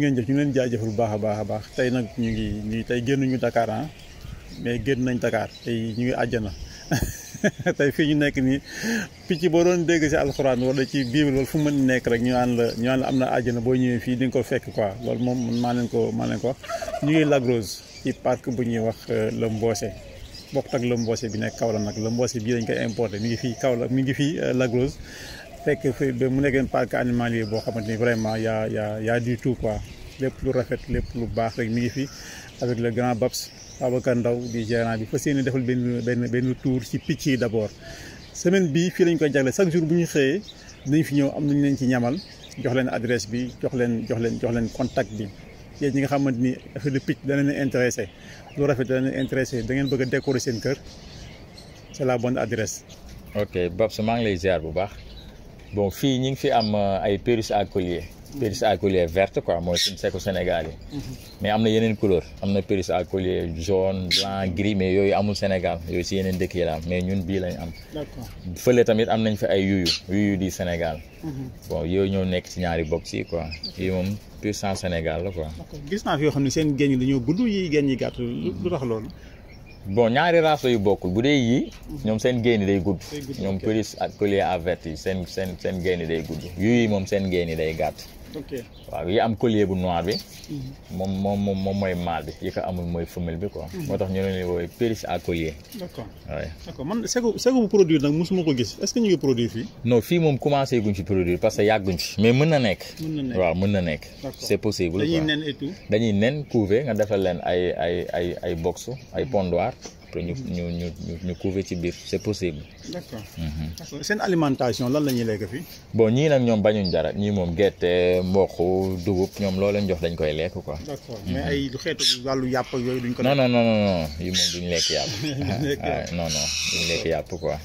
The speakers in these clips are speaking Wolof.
ngeen jëf ñu ngi leen jaajëfal bu baax a baax a baax tey nag ñu ngi ñu tey génnuñu ñu ah mais génn nañ Dakar tey ñu ngi àjjana tey fii ñu nekk nii picc boo doon dégg si alxuraan wala ci biir wala fu mën nekk rek ñu naan am na àjjana boo ñëwee fii di nga ko fekk quoi loolu moom maa leen ko maa leen ko wax ñu ngi Lac Rose ci parc bu ñuy wax euh, la Mbossé bokk ak le mboose bi nekk la nag la mboose bii dañ koy importé mi ngi fii Kaolack mi ngi fii euh, Lac fekk fi ba mu nekkee parc animalier boo xamante ni vraiment yaa yaa yaa du tout quoi lépp lu rafet lépp lu baax rek mi ngi fi avec le grand Babs Babacar Ndaw di gérant bi fas yéene defal benn benn benn tour ci picc yi d'abord semaine bii fii lañ koy jagle chaque jour bu ñu xëyee nañ fi ñëw am nañu leen ci ñamal joxleen leen bi jox leen jox leen jox leen contact bi yéen ñi nga xamante ni affaire de picc dana leen intéressé lu rafet dana leen intéressé dangeen ngeen bëgg a décorer seen kër c'est la bonne adresse. ok Babs maa ngi lay ziar bu baax. bon fii ñu ngi fi am euh, ay pérus à collier mhm. pérus à collier verte quoi mooy suñu seeku Sénégal yi mhm. mais am na yeneen couleur am na pérus à collier jaune blanc gris mais yooyu amul Sénégal yooyu si yeneen dëkk yi la am mais ñun bii lañ am fële tamit am nañ fi ay yuyu yuyu di Sénégal mhm. bon yooyu ñoo nekk ci ñaari box si quoi yi moom pur sans Sénégal la quoi gis naa fi yoo xam ne seen génn dañoo gudd yi génn yi gàtt lu tax loolu bon ñaari race yu bokkul bu dee yii mhm. ñoom seen génn day gudd ñoom pëlis ak collier à yi seen seen seen génn day gudd yu yi moom seen génn day gàtt waaw yi am collier bu noir bi. Mhm. moom moom moom mooy mâle bi yi ko amul mooy femelle bi quoi. Mhm. moo tax ñu ne leen woowee perruche à collier. d' accord oui. d' accord man seko seko bu produire nag mosuma ko gis est ce que ñu ngi produire fii. non fii moom commencé guñ ci produire parce que yàgguñ ci. mais mën na nekk. mën na nekk waaw mën na nekk. d' accord c' est possible. dañuy nen et tout dañuy nen couver nga defal leen ay ay ay ay box ay pondoir. après ñu ñu ñu ñu couver ci biir c'est possible. Mhm. d'accord seen alimentation lan la ñuy lekk fii. bon ñii nag ñoom bañuñ dara ñii moom gerte mboq dugub ñoom loo leen jox dañ koy lekk quoi. d'accord mhm. mais ay du wàllu yàpp yooyu duñ ko. non non non non yi moom duñ lekk yàpp. duñ non non duñ lekk yàpp quoi.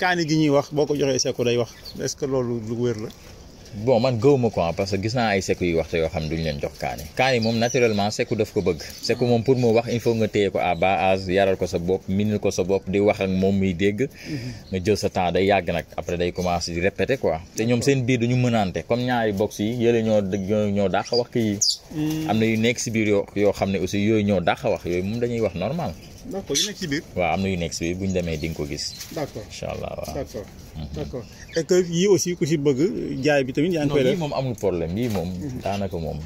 kaani gi ñuy wax boo ko joxee seku day wax est-ce que loolu lu wér la. bon man gëw ma quoi parce que gis naa ay seku yi waxte yoo xam ne duñu leen jox kaani kaani moom naturellement seku daf ko bëgg seku moom pour mu wax il faut nga téye ko à yaral ko sa bopp minil ko sa bopp di wax ak moom muy dégg mhm. nga jël sa temps day yàgg nag après day commencé di répéter te ñoom seen biir duñu mënaante comme ñaari box yi yële ñoo ñoo dàq wax kii yi mm. am na yu nekk si biir yoo yoo xam ne aussi yooyu ñoo dàq wax yooyu moom dañuy wax normal d'accord yu nekk ci biir. waaw am na yu nekk ci biir bu ñu demee di nga ko gis. d'accord incha allah waaw d'accord. Mhm. d'accord et yii aussi ku ci bëgg jaay bi tamit yaa ngi koy def. non moom amul problème yii moom. Mhm. daanaka moom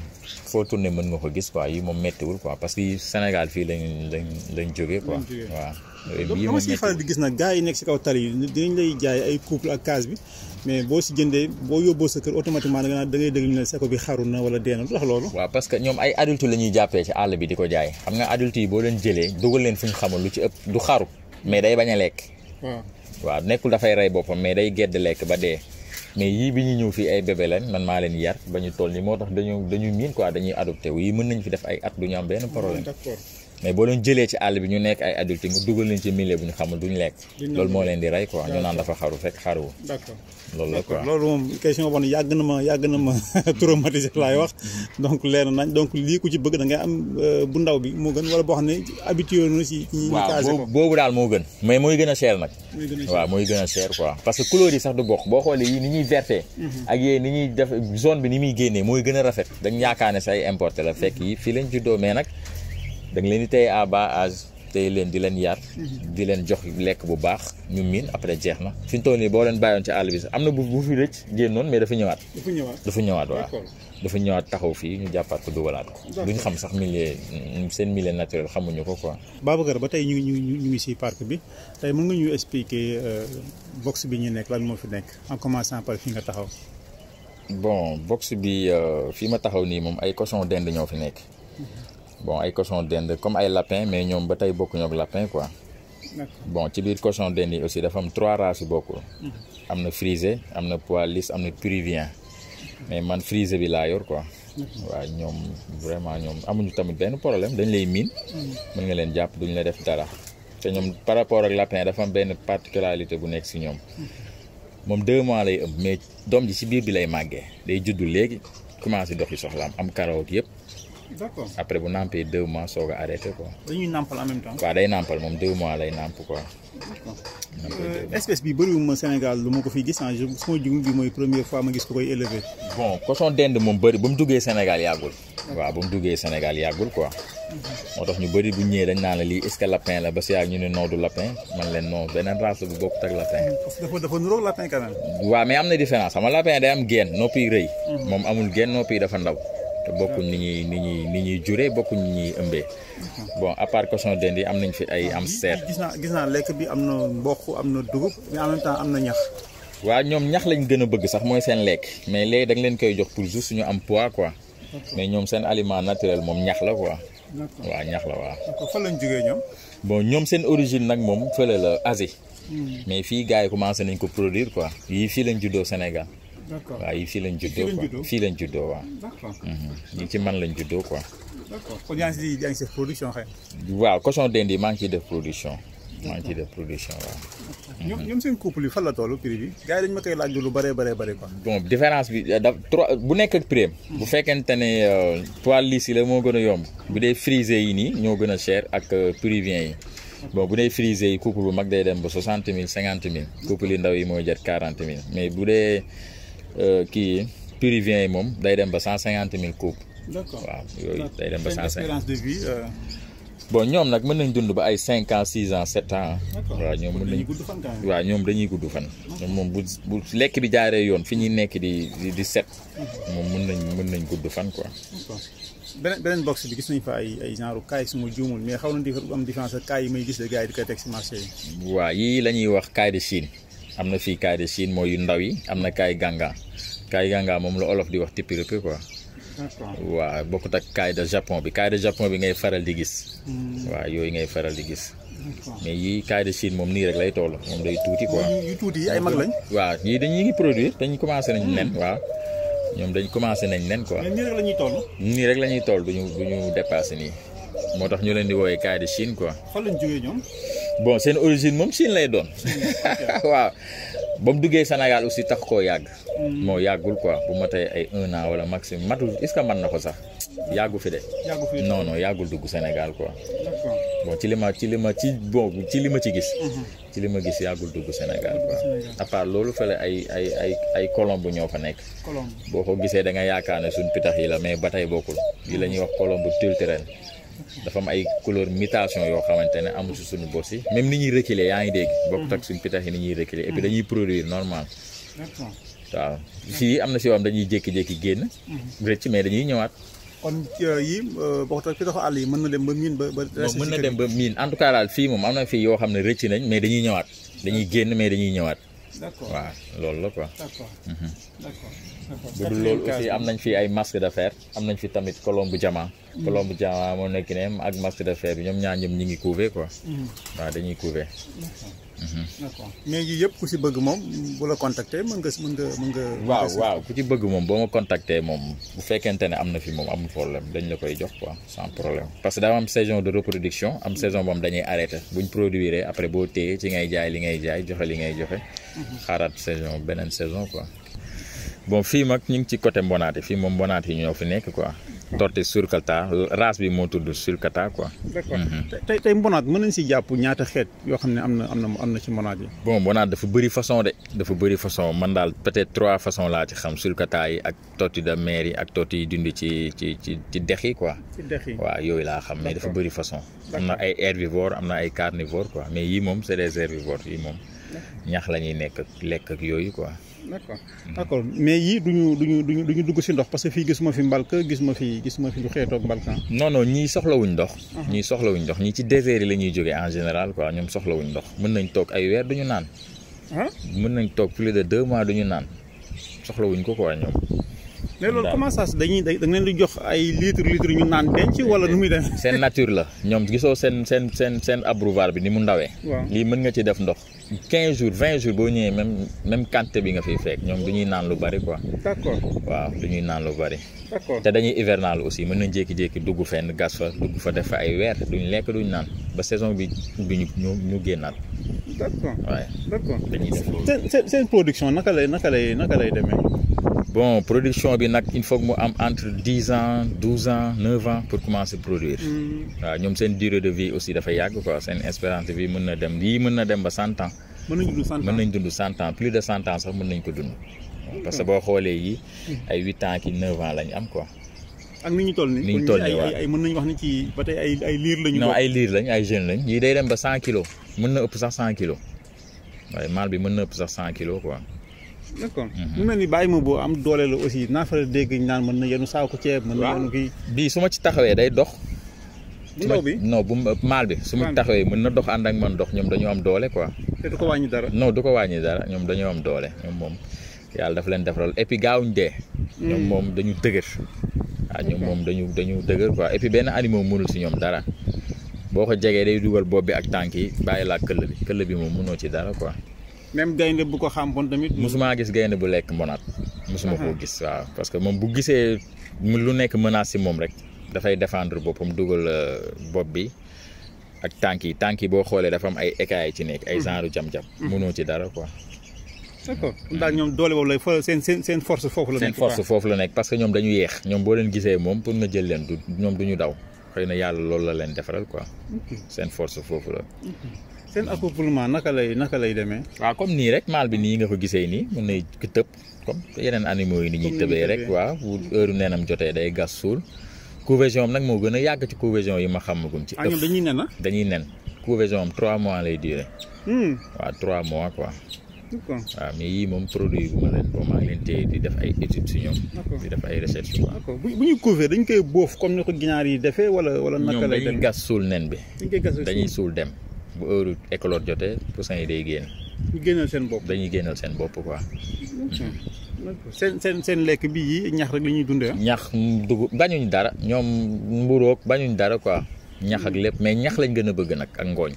foo tourné mën nga ko gis quoi yii moom méttiwul ko parce que Sénégal fii lañ lañ lañ jógee waa waaw yii moom méttiwul donc di gis nag gaa yi nekk si kaw tali yi dinañ lay jaay ay couple ak case bi. mais boo si jëndee boo yóbboo sa kër automatiquement da nga da ngay dégg ñu ne seko bi xaru na wala dee na lu tax loolu. waaw parce ñoom ay adulte la ñuy jàppee ci àll bi di ko jaay xam nga adulte yi boo leen jëlee dugal leen fu ñu xamul lu ci ëpp du xaru mais day bañ a lekk. waaw waaw nekkul dafay rey boppam mais day gedd lekk ba dee. mais yii bi ñu ñëw fii ay bébé lañ man maa leen yar ba ñu toll nii moo tax dañu dañu miin quoi dañuy adopté wu yii mën nañ fi def ay at du ñu am benn problème. d'accord mais boo leen jëlee ci àll bi ñu nekk ay adulte nga dugal leen ci milieu bu ñu xamul duñ lekk. loolu moo leen di rey quoi ñu naan dafa xaru fekk xaruwul. d'accord loolu la moom question boobu yàgg na ma yàgg na wax mm-hmm. donc leer nañ donc lii ku ci bëgg da ngay am euh, bu ndaw bi moo gën wala boo xam ne habitué na si. ñu casé boobu daal moo gën. mais mooy gën a cher nag. waaw mooy gën a cher quoi. parce que couleur yi sax du bokk boo xoolee yii ni ñuy verté. Mm-hmm. ak yee ni ñuy def zone bi ni muy génnee mooy gën a rafet dañ yaakaar ne say importe la fekk yi fii lañ juddoo mee nag da leen tey téye à bas âge téye leen di leen yar. di leen jox lekk bu baax ñu miin après jeex na. fi mu toll nii boo leen bàyyoon ci àll bi sax am na bu bu fi rëcc génnoon mais dafa ñëwaat. dafa ñëwaat dafa dafa ñëwaat taxaw fii ñu jàppaat ko dugalaat ko. duñ xam sax milieu mm, seen milieu naturel xamuñu ko quoi. Babacar ba tey ñu ngi ñu ngi si parc bi tey mën nga ñu expliquer euh, box bi ñu nekk lan moo fi nekk en commençant par fi nga taxaw. bon box bi euh, fii ma taxaw nii moom ay cochon den ñoo fi nekk. Mhm. bon ay cochon dend comme ay lapin mais ñoom ba tey bokkuñu ak lapin quoi. bon ci biir cochon d'Inde yi aussi dafa am trois races yu bokkul. Mhm. am na frisé am na poil lisse am na péruvien mais man frisé bi laa yor quoi. waaw ñoom vraiment ñoom amuñu tamit benn problème dañ lay miin. Mhm. mën nga leen jàpp duñu la def dara. te ñoom par rapport ak lapin dafa am benn particularité bu nekk si ñoom. Mhm. moom deux mois lay ëmb mais doom ji si biir bi lay màggee day juddu léegi commencé doxi soxlaam am karaw yëpp. d'accord après bu nàmpee deux mois soog a arrêté quoi. dañuy nàmpal en moom deux lay nàmp ko euh, espèce bi bëriwul ma Sénégal lu ma ko fi gis ah je su ma fois ma gis ko koy élevé. bon cochon d'Inde moom bëri ba mu duggee Sénégal yàggul. waaw ba mu duggee Sénégal yàggul quoi. Mhm. moo tax ñu bëri bu ñëwee dañ naan la lii est-ce que lapin la ba si yàgg ñu ne non lapin man leen non beneen race la bu bokkut ak lapin. Mm, dafa dafa niróo lapin quand même. waaw am na différence xam nga lapin day am geen noppi rëy. Mhm. moom amul geen noppi dafa ndaw. te bokkuñ ni ñuy ni ñuy ni ñuy juree bokkuñ ni ñuy ëmbee. bon à part cochon yi am nañ fi ay am seet. gis naa lekk bi am na mboq am na dugub am na ñax. waaw ñoom ñax lañ gën a bëgg sax mooy seen lekk mais léegi da leen koy jox pour juste suñu am poids quoi. mais ñoom seen aliment naturel moom ñax la quoi. waa ñax la waaw. fan lañ ñoom. bon ñoom seen origine nag moom fële la asi hmm. mais fii gaa yi commencé nañ ko produire quoi. yii fii lañ juddoo Sénégal. waaw yi fii lañ juddoo quoi fii lañ juddoo waaw. Mhm. ci man lañ juddoo quoi. kon yaa ngi si yaa ngi si production xëy waaw cochon d'Inde yi maa ngi ciy def production. maa ngi ciy def production waaw. ñoom mhm. ñoom seen couple yi fan la toll prix bi. gars ma koy laaj lu bare bare bëri quoi. bon différence bi euh, da trois bu nekk ak prix bu mhm. fekkente ne euh, poil lisse yi la moo gën a yomb. bu dee frisé yi nii ñoo gën a cher ak euh, péruvien yi. bon bu dee frisé yi couple bu mag day dem ba soixante mille cinquante mille. couple yi ndaw yi mooy jar quarante mille Euh, kii yi purivien yi moom day dem ba cent cinquante mille coupes. d'accord waaw yooyu day dem ba cent cinquante de vie. Euh, bon ñoom nag mën nañ dund ba ay cinq ans six ans sept ans. waaw ñoom mën nañ waaw ñoom dañuy gudd fan. ñoom moom bu bu lekk bi jaaree yoon fi ñuy nekk di di di set. Mhm. moom mën nañ mën nañ gudd fan quoi. beneen beneen box bi gis nañ fa ay ay genre kaay su ma juumul mais xaw na di am différence ak kaay yi may gis la gars yi di koy teg si marché yi. waaw yii la ñuy wax kaay de Chine. am na fii kaay de Chine mooy yu ndaw yi am na kaay gànga kaay gànga moom la olof di wax tippiripi quoi waa bokkut ak kaay de japon bi kaay de japon bi ngay faral di gis hmm. waa yooyu ngay faral di gis mais yii kaay de Chine moom nii rek lay toll moom day tuuti quoi tuuti yi ay mag lañ waaw yii dañuy ngi produire dañ commencé nañ hmm. nen waaw ñoom dañ commencé nañ nen quoi nii rek la ñuy toll nii rek la ñuy toll duñu duñu nii moo tax ñu leen di woowee kaay de Chine quoi fan lañ bon seen origine moom Chine lay doon waaw ba mu duggee Sénégal aussi tax koo yàgg mm. moo yàggul quoi bu ma tey ay un an wala maximum matul est-ce que mën na ko sax yàggu fi de non non yàggul dugg Sénégal quoi bon ci li ma ci li ma ci bon ci li ma ci gis mm-hmm. ci li ma gis yàggul dugg Sénégal quoi à loolu fële ay ay ay ay colombe ñoo fa nekk boo ko gisee da nga yaakaar ne suñ pitax yi la mais ba tey bokkul yi la ñuy wax colombe culturelle dafa am ay couleur mitation yoo xamante ne amul si suñu bos yi même ni ñuy reculer yaa ngi dégg. bokkut ak suñu pitax yi ni ñuy reculer. et puis dañuy produire normal. waaw fii am na si yoo xam dañuy jékki-jékki génn. Mhm. rëcc mais dañuy ñëwaat. kon euh, yii euh, bokkut ak pitax àll yi mën na dem ba miin ba ba. mën na dem fii moom am na fii yoo xam ne rëcc nañ mais dañuy ñëwaat. dañuy génn mais dañuy ñëwaat. d'accord waaw loolu la quoi. d'accord mhm. bu dul loolu aussi am nañ fi ay masque de fer am nañ fi tamit colombe jama. Mhm. colombe jama moo nekk ne ak masque de fer bi ñoom ñaar ñoom ñi ngi couver quoi. Mhm. waaw dañuy couver. Mm-hmm. d'accord mais yii yëpp ku si bëgg moom bu la contacter mën nga mën nga waaw waaw ku ci bëgg moom boo ma contacter moom bu fekkente ne am na fi moom amul problème dañ la koy jox quoi sans problème parce que daa am saison de reproduction am saison boobu dañuy arrêté buñ produire après boo téye ci ngay jaay li ngay jaay joxe li ngay joxe. Mm-hmm. xaaraat saison beneen saison quoi. bon fii mag ñu ngi ci côté mbonaati fii moom mbonaati ñoo fi nekk quoi. Dorte Surkata race bi moo tudd Surkata quoi. d'accord mhm. tey tey mbonaat mën nañ si jàpp ñaata xeet yoo xam ne am na am na am na ci mbonaat yi. bon mbonaat dafa bëri façon de. dafa bëri façon man daal peut-être trois façons laa ci xam Surkata yi ak totti de mer yi ak totti yi dund ci ci ci ci dex quoi. ci dex yooyu laa xam mais dafa bëri façon. am na ay herbivores am na ay carnivores quoi mais yii moom c'est des herbivores yii moom. ñax la ñuy nekk ak lekk ak yooyu quoi. d'accord d'accord mais yii du ñu duñu duñu dugg si ndox parce que fii gisuma fi mbalka gisuma fi gisuma fi lu xeetoog mbalka non non ñii soxlawuñ ndox ñii soxlawuñ ndox ñii ci désert yi la ñuy jógee en général quoi ñoom soxlawuñ ndox mën nañ toog ay weer duñu naan mën nañ toog plus de deux mois duñu naan soxlawuñ ko quoi ñoom mais loolu comment ça dañuy da nga leen di jox ay litre litre ñu naan denc wala nu muy demee. seen nature la ñoom gisoo seen seen seen seen abreuvoir bi ni mu ndawee. lii mën nga ci def ndox. 15 jours 20 boo ñëwee même même quantité bi nga fiy fekk ñoom du ñuy naan lu bari ko d'accord waaw du ñuy naan lu bari. d'accord te dañuy hivernal aussi mën nañ jékki-jékki dugg fenn gas fa dugg fa def fa ay weer duñ lekk duñ naan ba saison bi du ñu ñu ñu génnaat. d'accord waaw d'accord seen production naka lay naka lay naka lay demee. bon production bi nag il faut mu am entre dix ans douze ans neuf ans pour commencer produire. Mm. waaw ñoom seen durée de vie aussi dafa yàgg quoi seen espérance de vie mën na dem lii mën na dem ba cent ans. mën nañ dund cent cent ans plus de cent ans sax mën nañ ko dund. parce que boo xoolee yi mm. ay huit ans ki neuf ans lañ am quoi. ak ni ñu toll nii ni ñu toll nii ay mën nañu wax ni ci ba tey ay ay liir lañu. non ay liir lañ ay jeunes lañ. yii day dem ba cent kilos mën na ëpp sax cent kilos waaye maal bi mën na sax cent kilos quoi. d' accord mhm. mu mel ni bàyyi ma boo am doole la aussi naa fa dégg ñu naan mën na yenu saako ceeb. mën na yenu bii su ma ci taxawee day dox. ndaw bi non bu maal bi su ma taxawee mën na dox ànd ak man dox ñoom dañoo am doole quoi. te du ko dara. non du ko wàññi dara ñoom dañoo am doole ñoom moom yàlla dafa leen defaral et puis gaawuñ dee. ñoom mm. moom dañu dëgër. waaw ñoom moom dañu dañu dëgër quoi et benn animal mënul si ñoom dara boo ko jegee day dugal bopp bi ak tànk yi bàyyi laa këll bi këll bi moom mënoo ci dara quoi même gaynde bu ko xam tamit. mosuma gis gaynde bu lekk mbonaat. mosuma koo gis waaw parce que moom bu gisee lu nekk menace si moom rek. dafay défendre boppam dugal euh, bopp bi ak tànk yi tànk yi boo xoolee dafa am ay écailles ci nekk. ay mhm. genre jam-jam. Mhm. mënoo ci dara quoi. d'accord daal ñoom doole boobu lay seen seen force foofu la. nekk foofu la nekk parce que ñoom dañu yeex. ñoom boo leen gisee moom pour na jël leen du ñoom du daw xëy na yàlla loolu la leen defaral quoi. seen force foofu la. seen accouplement naka lay naka lay demee. waaw comme nii rek maal bi nii nga ko gisee nii mën nay tëb comme yeneen animaux yi ni ñuy tëbee rek waaw bu heure neenam jotee day gas suul. couvaison moo gën a yàgg ci yi ma xamagum ci. Ah, ëpp dañuy nen ah? dañuy nen couvaison am 3 mois lay duré. Hmm. waaw mois quoi. waaw mais moom produit bu ma leen leen téye di def ay études si ñoom. di def ay recherche quoi. bu bu ñuy couver dañ koy boof yi defee wala wala. naka lay demee ñoom dañuy gas suul nen bi. dañuy suul dem. bu heure école jotee poussin yi day génn. ñu génnal seen bopp dañuy génnal seen bopp quoi. seen seen seen lekk bi yi ñax rek la ñuy dundee. Ah? ñax dugub bañuñ dara ñoom mburoog bañuñ dara quoi ñax ak lépp mais ñax lañ gën a bëgg nag ak ngooñ.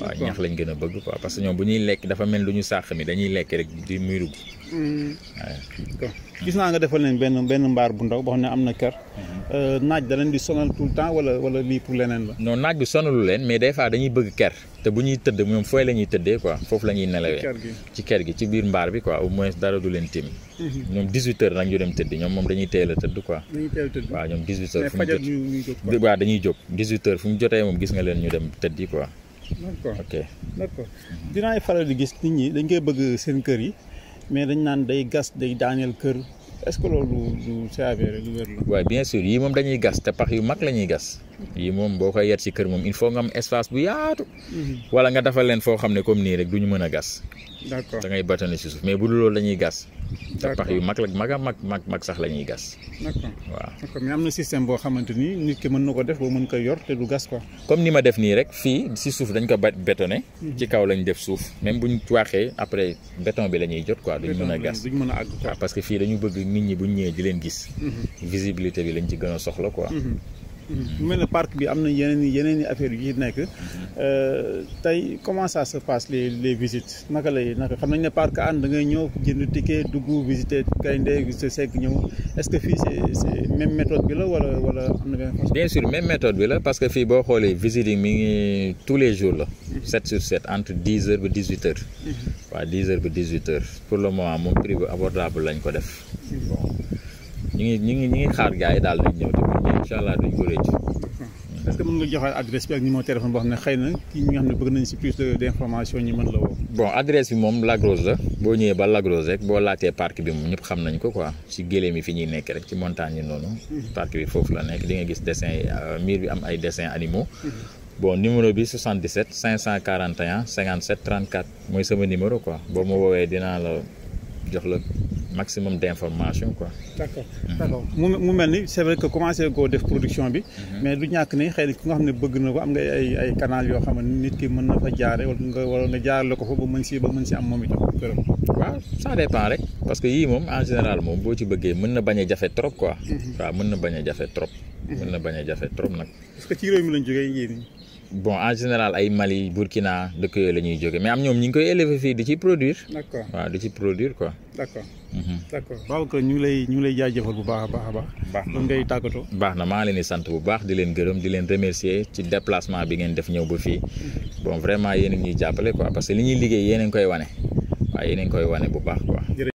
waaw ñax lañ gën a bëgg quoi parce que ñoom bu ñuy lekk dafa mel lu ñu sàq mi dañuy lekk rek di muy dugg. waaw. gis naa nga defal leen benn benn mbaar bu ndaw boo xam ne am na kër. Mhm. Euh, naaj da leen di sonal tout le temps wala wala lii pour leneen la. non naaj bi sonalu leen mais des fois dañuy bëgg kër te bu ñuy tëdd ñoom fooy la ñuy tëddee quoi foofu la ñuy nelawee. ci kër gi ci biir mbaar bi quoi au moins dara du leen tim mhm. ñoom 18 heures nag ñu dem tëdd ñoom moom dañuy teel a teel tëdd ñoom 18 dañuy jóg waaw dañuy mu jotee moom gis nga leen ñu dem tëddi quoi d'accord ok d'accord dinaay faral di gis nit ñi dañ koy bëgg seen kër yi mais dañ naan day gas day daaneel kër est-ce que loolu du c'est avéré lu wér la. waaw bien sûr yii moom dañuy gas te pax yu mag la ñuy gas. lii moom boo koy yet ci kër moom il faut nga am espace bu yaatu. Mhm. wala nga defal leen foo xam ne comme nii rek du ñu mën a gas. d'accord da ngay batane suuf mais bu dul loolu lañuy gas. te pax yu mag la a mag mag mag sax la ñuy gas. d'accord waaw. mais am na système boo xamante ni nit ki mën na ko def mën ko yor te du gas quoi. comme ni ma def nii rek fii si suuf dañ ko ba bétonné. Mhm. ci kaw lañ def suuf même buñ waaxee après béton bi la ñuy jot quoi. duñ mën a gas duñ mën a parce que fii dañu bëgg nit ñi buñ ñëwee di leen gis. Mhm. visibilité bi lañ ci gën a soxla quoi. mu mel ne parc bi am na yeneen yeneen i affaires yu nekk euh, tey comment ça se passe les les visites naka lay naka xam nañ ne parc ànd da ngay ñëw jënd ticket dugg visiter gaynde visiter segg ñëw est-ce que fii c'est c'est même méthode bi la wala wala am na benn bien bi la parce que fii boo xoolee visite yi mi ngi tous les jours la 7 mhm. sur 7 entre 10 heures ba 18 heures mhm. waaw 10 heures ba 18 pour le moment moom prix bu abordable lañ ko def mhm. bon ñu ngi ñu ngi ñu ngi xaar gars yi daal nañ ñëw tamit incha allah duñ ko rëcc. est-ce que mën nga joxaat adresse bi ak numéro téléphone boo xam ne xëy na kii ñi nga xam ne bëgg nañ si plus d'information ñu mën la woo. boo adresse bi moom Lagrose la boo ñëwee ba Lagrose rek boo laatee parc bi moom ñëpp xam nañ ko quoi si géléem yi fi ñuy nekk rek ci montagne yi noonu. Mhm. parc bi foofu la nekk di nga gis dessin euh, mur bi am ay desin animaux. Mhm. boo numéro bi 77 541 57 34 mooy sama numéro quoi boo ma woowee dinaa la jox la. maximum d' information quoi. d' accord mu mel ni c' est vrai koo def production bi. mais du ñàkk ni xëy na ku nga xam ne bëgg na ko am nga ay ay yoo xam ne nit ki mën na fa jaare wala nga wala nga ko fa ba mën si ba mën si am moom itam këram. waaw ça dépend rek parce que yii moom en général moom boo ci bëggee mën na bañ a jafe trop quoi. Mhm. waaw mën na bañ a jafe trop. Mhm. mën na bañ a jafe trop nag. parce que ci réew mi lañ jógee yéen bon en général ay Mali Burkina dëkk yooyu la ñuy jóge mais am ñoom ñu ngi koy élever fii di ci produire. d'accord waaw di ci produire ko d'accord mhm. d'accord ñu ngi lay ñu ngi lay jaajëfal bu baax a baax a baax. baax na ngay tàggatoo. baax na maa ngi leen di sant bu baax di leen gërëm di leen remercier ci déplacement bi ngeen def ñëw ba fii bon vraiment yéen a ñuy jàppale ko parce que li ñuy liggéey yéen ngi koy wane waaw yéen a ngi koy wane bu baax quoi.